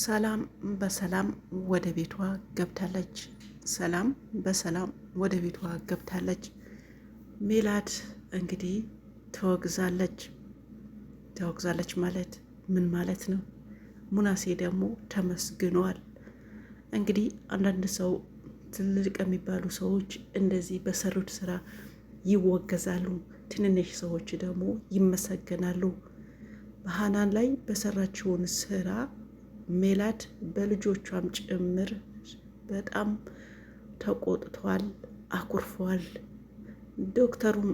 ሰላም በሰላም ወደ ቤቷ ገብታለች። ሰላም በሰላም ወደ ቤቷ ገብታለች። ሜላት እንግዲህ ተወግዛለች። ተወግዛለች ማለት ምን ማለት ነው? ሙናሴ ደግሞ ተመስግኗል። እንግዲህ አንዳንድ ሰው ትልልቅ የሚባሉ ሰዎች እንደዚህ በሰሩት ስራ ይወገዛሉ፣ ትንንሽ ሰዎች ደግሞ ይመሰገናሉ። በሀናን ላይ በሰራችውን ስራ ሜላት በልጆቿም ጭምር በጣም ተቆጥቷል፣ አኩርፏል። ዶክተሩም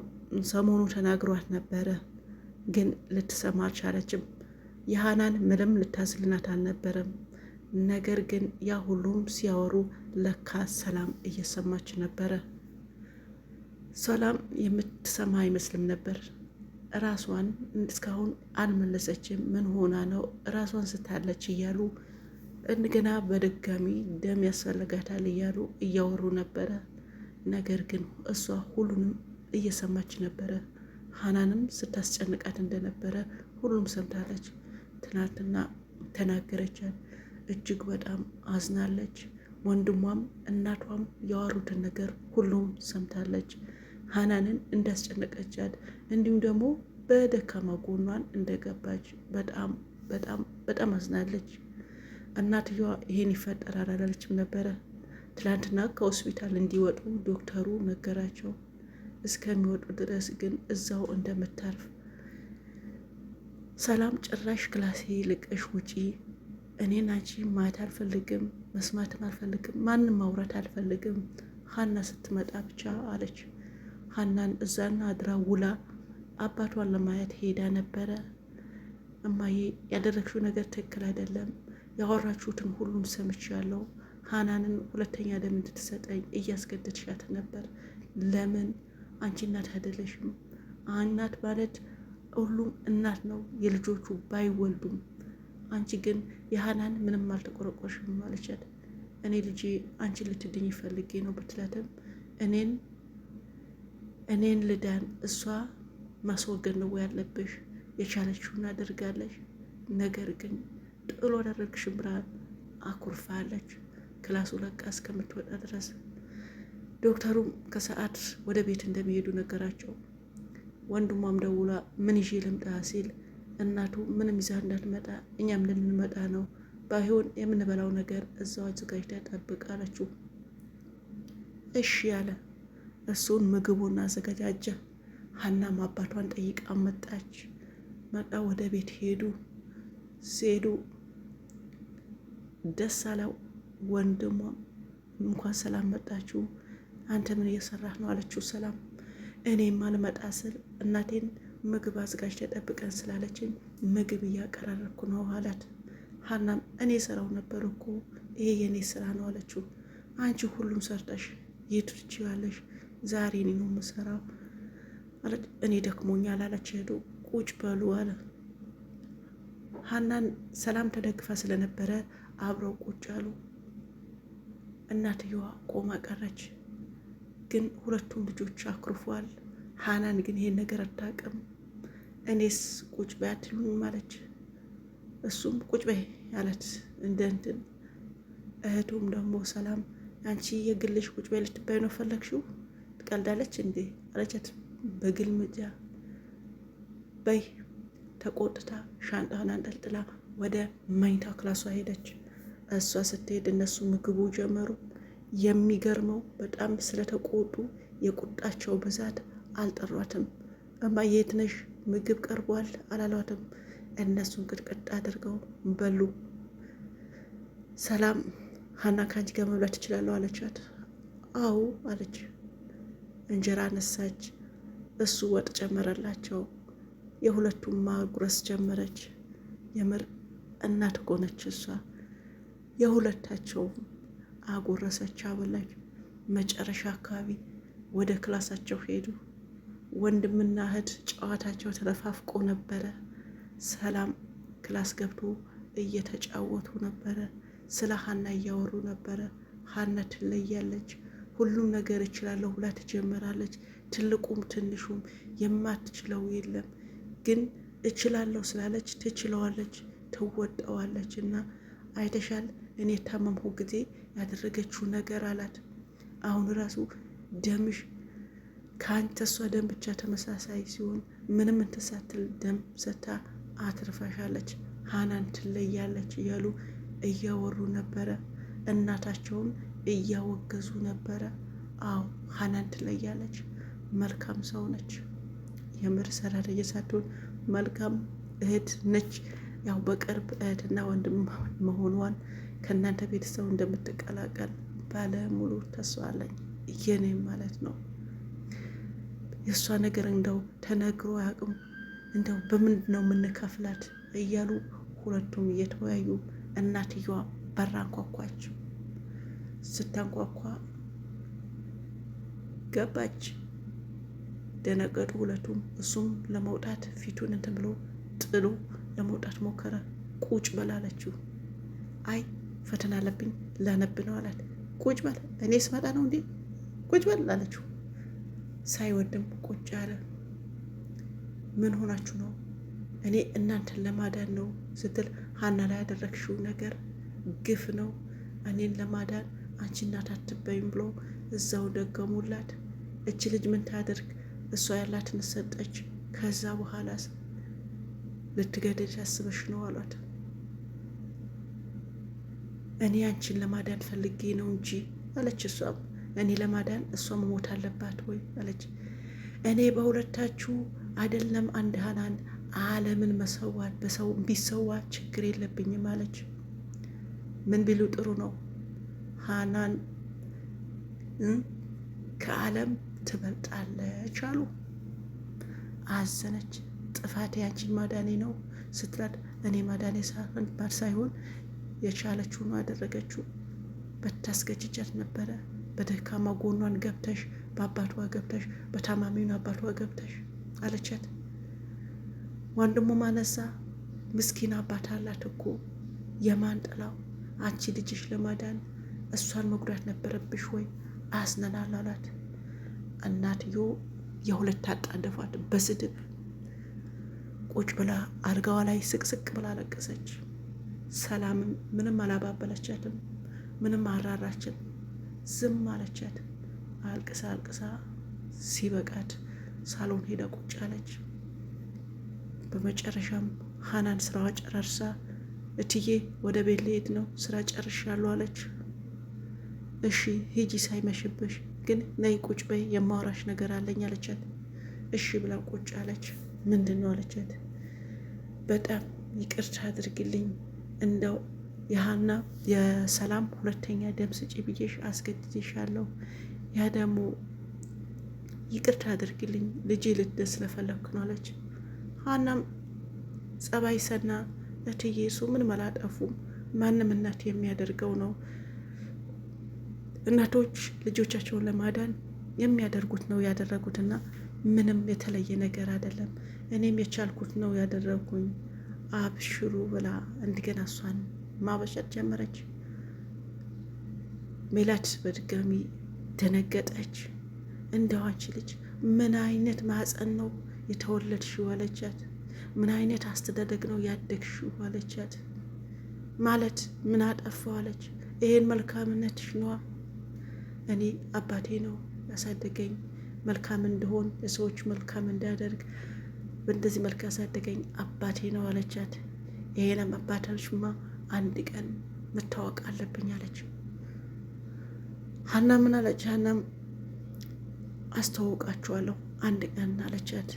ሰሞኑ ተናግሯት ነበረ፣ ግን ልትሰማ አልቻለችም። የሀናን ምንም ልታስልናት አልነበረም። ነገር ግን ያ ሁሉም ሲያወሩ ለካ ሰላም እየሰማች ነበረ። ሰላም የምትሰማ አይመስልም ነበር። ራሷን እስካሁን አልመለሰችም፣ ምን ሆና ነው ራሷን ስታለች እያሉ እንደገና በድጋሚ ደም ያስፈልጋታል እያሉ እያወሩ ነበረ። ነገር ግን እሷ ሁሉንም እየሰማች ነበረ። ሀናንም ስታስጨንቃት እንደነበረ ሁሉም ሰምታለች። ትናንትና ተናገረቻት። እጅግ በጣም አዝናለች። ወንድሟም እናቷም ያወሩትን ነገር ሁሉም ሰምታለች። ሀናንን እንዳስጨነቀቻት እንዲሁም ደግሞ በደካማ ጎኗን እንደገባች በጣም በጣም በጣም አዝናለች። እናትየዋ ይሄን ይፈጠራል አላለችም ነበረ። ትላንትና ከሆስፒታል እንዲወጡ ዶክተሩ ነገራቸው። እስከሚወጡ ድረስ ግን እዛው እንደምታርፍ ሰላም ጭራሽ ክላሴ ልቀሽ ውጪ፣ እኔን አንቺ ማየት አልፈልግም፣ መስማትም አልፈልግም፣ ማንም ማውራት አልፈልግም፣ ሀና ስትመጣ ብቻ አለች። ሀናን እዛና አድራ ውላ አባቷን ለማየት ሄዳ ነበረ። እማዬ ያደረግሽው ነገር ትክክል አይደለም፣ ያወራችሁትን ሁሉም ሰምቻለሁ። ሀናንን ሁለተኛ ደም እንድትሰጠኝ እያስገደድሻት ነበር። ለምን አንቺ እናት አይደለሽም? እናት ማለት ሁሉም እናት ነው፣ የልጆቹ ባይወልዱም። አንቺ ግን የሀናን ምንም አልተቆረቆሽም ማለቻት። እኔ ልጄ አንቺን ልትድኝ ፈልጌ ነው ብትላትም እኔን እኔን ልዳን እሷ ማስወገድ ነው ያለብሽ። የቻለችውን አድርጋለች። ነገር ግን ጥሎ አደረግሽ ብራን አኩርፋለች። ክላሱ ለቃ እስከምትወጣ ድረስ ዶክተሩም ከሰዓት ወደ ቤት እንደሚሄዱ ነገራቸው። ወንድሟም ደውላ ምን ይዤ ልምጣ ሲል እናቱ ምንም ይዛ እንዳትመጣ እኛም ልንመጣ ነው፣ ባይሆን የምንበላው ነገር እዛው አዘጋጅታ ጠብቅ አለችው። እሺ አለ። እሱን ምግቡን አዘገጃጀ። ሀናም አባቷን ጠይቃ መጣች። መጣ ወደ ቤት ሄዱ። ሲሄዱ ደስ አለው። ወንድሟ እንኳን ሰላም መጣችሁ፣ አንተ ምን እየሰራህ ነው አለችው። ሰላም እኔም አልመጣ ስል እናቴን ምግብ አዘጋጅ ተጠብቀን ስላለችን ምግብ እያቀራረብኩ ነው አላት። ሀናም እኔ ሰራው ነበር እኮ ይሄ የእኔ ስራ ነው አለችው። አንቺ ሁሉም ሰርተሽ የቱ ትችያለሽ? ዛሬ እኔ ነው የምሰራው ማለት እኔ ደክሞኛል አለች። ሄዶ ቁጭ በሉ አለ። ሀናን ሰላም ተደግፋ ስለነበረ አብረው ቁጭ አሉ። እናትየዋ ቆማ ቀረች። ግን ሁለቱም ልጆች አኩርፏል። ሀናን ግን ይሄን ነገር አታውቅም። እኔስ ቁጭ በይ አትሉኝም አለች። እሱም ቁጭ በይ አለት እንደ እንትን እህቱም ደግሞ ሰላም አንቺ የግልሽ ቁጭ በይ ልትባይ ነው ፈለግሽው ትቀልዳለች እንዴ አለቻት በግልምጃ። በይ ተቆጥታ ሻንጣዋን አንጠልጥላ ወደ መኝታ ክላሷ ሄደች። እሷ ስትሄድ እነሱ ምግቡ ጀመሩ። የሚገርመው በጣም ስለተቆጡ የቁጣቸው ብዛት አልጠሯትም። እማ የት ነሽ? ምግብ ቀርቧል አላሏትም። እነሱን ቅጥቅጥ አድርገው በሉ። ሰላም ሀና ከአንቺ ጋር መብላት ትችላለሁ አለቻት። አዎ አለች። እንጀራ አነሳች፣ እሱ ወጥ ጨመረላቸው። የሁለቱም ማጉረስ ጀመረች። የምር እናት ሆነች እሷ። የሁለታቸውም አጎረሰች፣ አበላች። መጨረሻ አካባቢ ወደ ክላሳቸው ሄዱ። ወንድምና እህት ጨዋታቸው ተነፋፍቆ ነበረ። ሰላም ክላስ ገብቶ እየተጫወቱ ነበረ። ስለ ሀና እያወሩ ነበረ። ሀና ትለያለች። ሁሉም ነገር እችላለሁ ብላ ትጀምራለች። ትልቁም ትንሹም የማትችለው የለም። ግን እችላለሁ ስላለች ትችለዋለች፣ ትወጣዋለች። እና አይተሻል እኔ ታመምሁ ጊዜ ያደረገችው ነገር አላት። አሁን ራሱ ደምሽ ከአንተ እሷ ደም ብቻ ተመሳሳይ ሲሆን ምንም እንትን ሳትል ደም ሰታ አትርፋሻለች። ሀናን ትለያለች እያሉ እያወሩ ነበረ እናታቸውን እያወገዙ ነበረ። አዎ ላይ ያለች መልካም ሰው ነች። የምር ሰራተኛ ሳትሆን መልካም እህት ነች። ያው በቅርብ እህትና ወንድም መሆኗን ከእናንተ ቤተሰብ እንደምትቀላቀል ባለ ሙሉ ተስፋ አለኝ። ማለት ነው። የእሷ ነገር እንደው ተነግሮ አያውቅም። እንደው በምንድን ነው የምንከፍላት እያሉ ሁለቱም እየተወያዩ እናትየዋ በራ ኳኳች። ስታንኳኳ ገባች። ደነገጡ ሁለቱም። እሱም ለመውጣት ፊቱን እንትን ብሎ ጥሎ ለመውጣት ሞከረ። ቁጭ በል አለችው። አይ ፈተና አለብኝ ላነብ ነው አላት። ቁጭ በል እኔ ስመጣ ነው እንዴ? ቁጭ በል አለችው። ሳይወድም ቁጭ አለ። ምን ሆናችሁ ነው? እኔ እናንተን ለማዳን ነው ስትል ሀና ላይ ያደረግሽው ነገር ግፍ ነው እኔን ለማዳን አንቺ እናት አትበይም ብሎ እዛው ደገሙላት። እች ልጅ ምን ታደርግ? እሷ ያላትን ሰጠች። ከዛ በኋላ ልትገደድ ያስበሽ ነው አሏት። እኔ አንቺን ለማዳን ፈልጌ ነው እንጂ አለች። እሷም እኔ ለማዳን እሷ መሞት አለባት ወይ አለች። እኔ በሁለታችሁ አይደለም አንድ ሀናን ዓለምን መሰዋት ቢሰዋት ችግር የለብኝም አለች። ምን ቢሉ ጥሩ ነው ሃናን ከዓለም ትበልጣለች አሉ። አዘነች። ጥፋት ያንቺን ማዳኔ ነው ስትላት እኔ ማዳኔ ሳይሆን ባድ ሳይሆን የቻለችውን አደረገችው። በታስገጭጨት ነበረ በደካማ ጎኗን ገብተሽ በአባቷ ገብተሽ በታማሚውን አባቷ ገብተሽ አለቻት። ወንድሙ ማነሳ ምስኪን አባት አላት እኮ የማን ጥላው አንቺ ልጅሽ ለማዳን እሷን መጉዳት ነበረብሽ ወይ? አዝነናል አላት። እናትዮ የሁለት አጣደፏት በስድብ ቁጭ ብላ አልጋዋ ላይ ስቅስቅ ብላ አለቀሰች። ሰላምም ምንም አላባበለቻትም፣ ምንም አራራችን ዝም አለቻት። አልቅሳ አልቅሳ ሲበቃት ሳሎን ሄዳ ቁጭ አለች። በመጨረሻም ሀናን ስራዋ ጨረርሳ እትዬ ወደ ቤት ልሄድ ነው ስራ ጨርሻለሁ አለች። እሺ ሂጂ ሳይመሽብሽ፣ ግን ነይ ቁጭ በይ የማወራሽ ነገር አለኝ አለቻት። እሺ ብላ ቁጭ አለች። ምንድን ነው አለቻት። በጣም ይቅርታ አድርግልኝ እንደው የሀና የሰላም ሁለተኛ ደም ስጪ ብዬሽ አለው ያ ደግሞ ይቅርታ አድርግልኝ ልጄ ልትደስ ስለፈለግኩ ነው አለች። ሀናም ጸባይ ሰና እትዬ እሱ ምን መላጠፉም ማንም እናት የሚያደርገው ነው እናቶች ልጆቻቸውን ለማዳን የሚያደርጉት ነው ያደረጉትና ምንም የተለየ ነገር አይደለም። እኔም የቻልኩት ነው ያደረጉኝ አብሽሩ ብላ እንድገና እሷን ማበሸት ጀመረች። ሜላት በድጋሚ ደነገጠች። እንደዋች ልጅ ምን አይነት ማህፀን ነው የተወለድሽው? አለቻት። ምን አይነት አስተዳደግ ነው ያደግሽው? አለቻት። ማለት ምን አጠፋዋለች? ይሄን መልካምነትሽ ነዋ እኔ አባቴ ነው ያሳደገኝ መልካም እንድሆን የሰዎች መልካም እንዳደርግ በእንደዚህ መልክ ያሳደገኝ አባቴ ነው አለቻት። ይሄንም አባታችማ አንድ ቀን መታወቅ አለብኝ አለች። ሀና ምን አለች? ሀናም አስተዋውቃችኋለሁ አንድ ቀን አለቻት።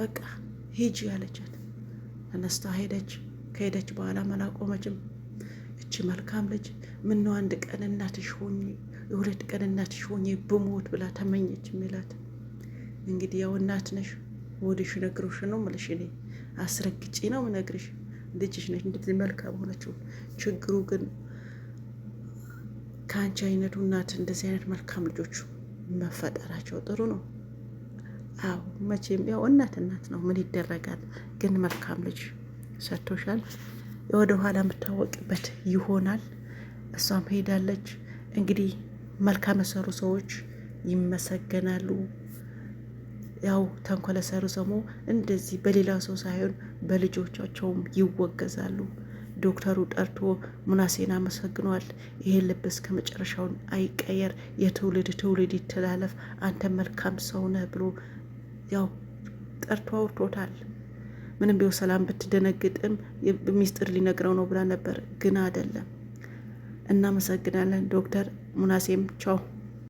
በቃ ሂጂ አለቻት። ተነስታ ሄደች። ከሄደች በኋላ መላቆመችም። እቺ መልካም ልጅ ምነው አንድ ቀን እናትሽ ሆኝ የሁለት ቀን እናትሽ ሆኜ ብሞት ብላ ተመኘች የሚላት እንግዲህ ያው እናት ነሽ፣ ወደሽ ነግሮሽ ነው ምልሽ። እኔ አስረግጬ ነው ምነግርሽ። ልጅሽ ነሽ እንደዚህ መልካም ሆነችው። ችግሩ ግን ከአንቺ አይነቱ እናት እንደዚህ አይነት መልካም ልጆች መፈጠራቸው ጥሩ ነው። አዎ መቼም ያው እናት እናት ነው፣ ምን ይደረጋል። ግን መልካም ልጅ ሰጥቶሻል። ወደ ኋላ የምታወቅበት ይሆናል። እሷም ሄዳለች እንግዲህ መልካም የሰሩ ሰዎች ይመሰገናሉ። ያው ተንኮል የሰሩ ሰሞ እንደዚህ በሌላ ሰው ሳይሆን በልጆቻቸውም ይወገዛሉ። ዶክተሩ ጠርቶ ሙናሴን አመሰግኗል። ይሄን ልብስ ከመጨረሻውን አይቀየር፣ የትውልድ ትውልድ ይተላለፍ፣ አንተ መልካም ሰው ነህ ብሎ ያው ጠርቶ አውርቶታል። ምንም ቢው ሰላም ብትደነግጥም ሚስጥር ሊነግረው ነው ብላ ነበር፣ ግን አይደለም እናመሰግናለን ዶክተር ሙናሴም ቻው።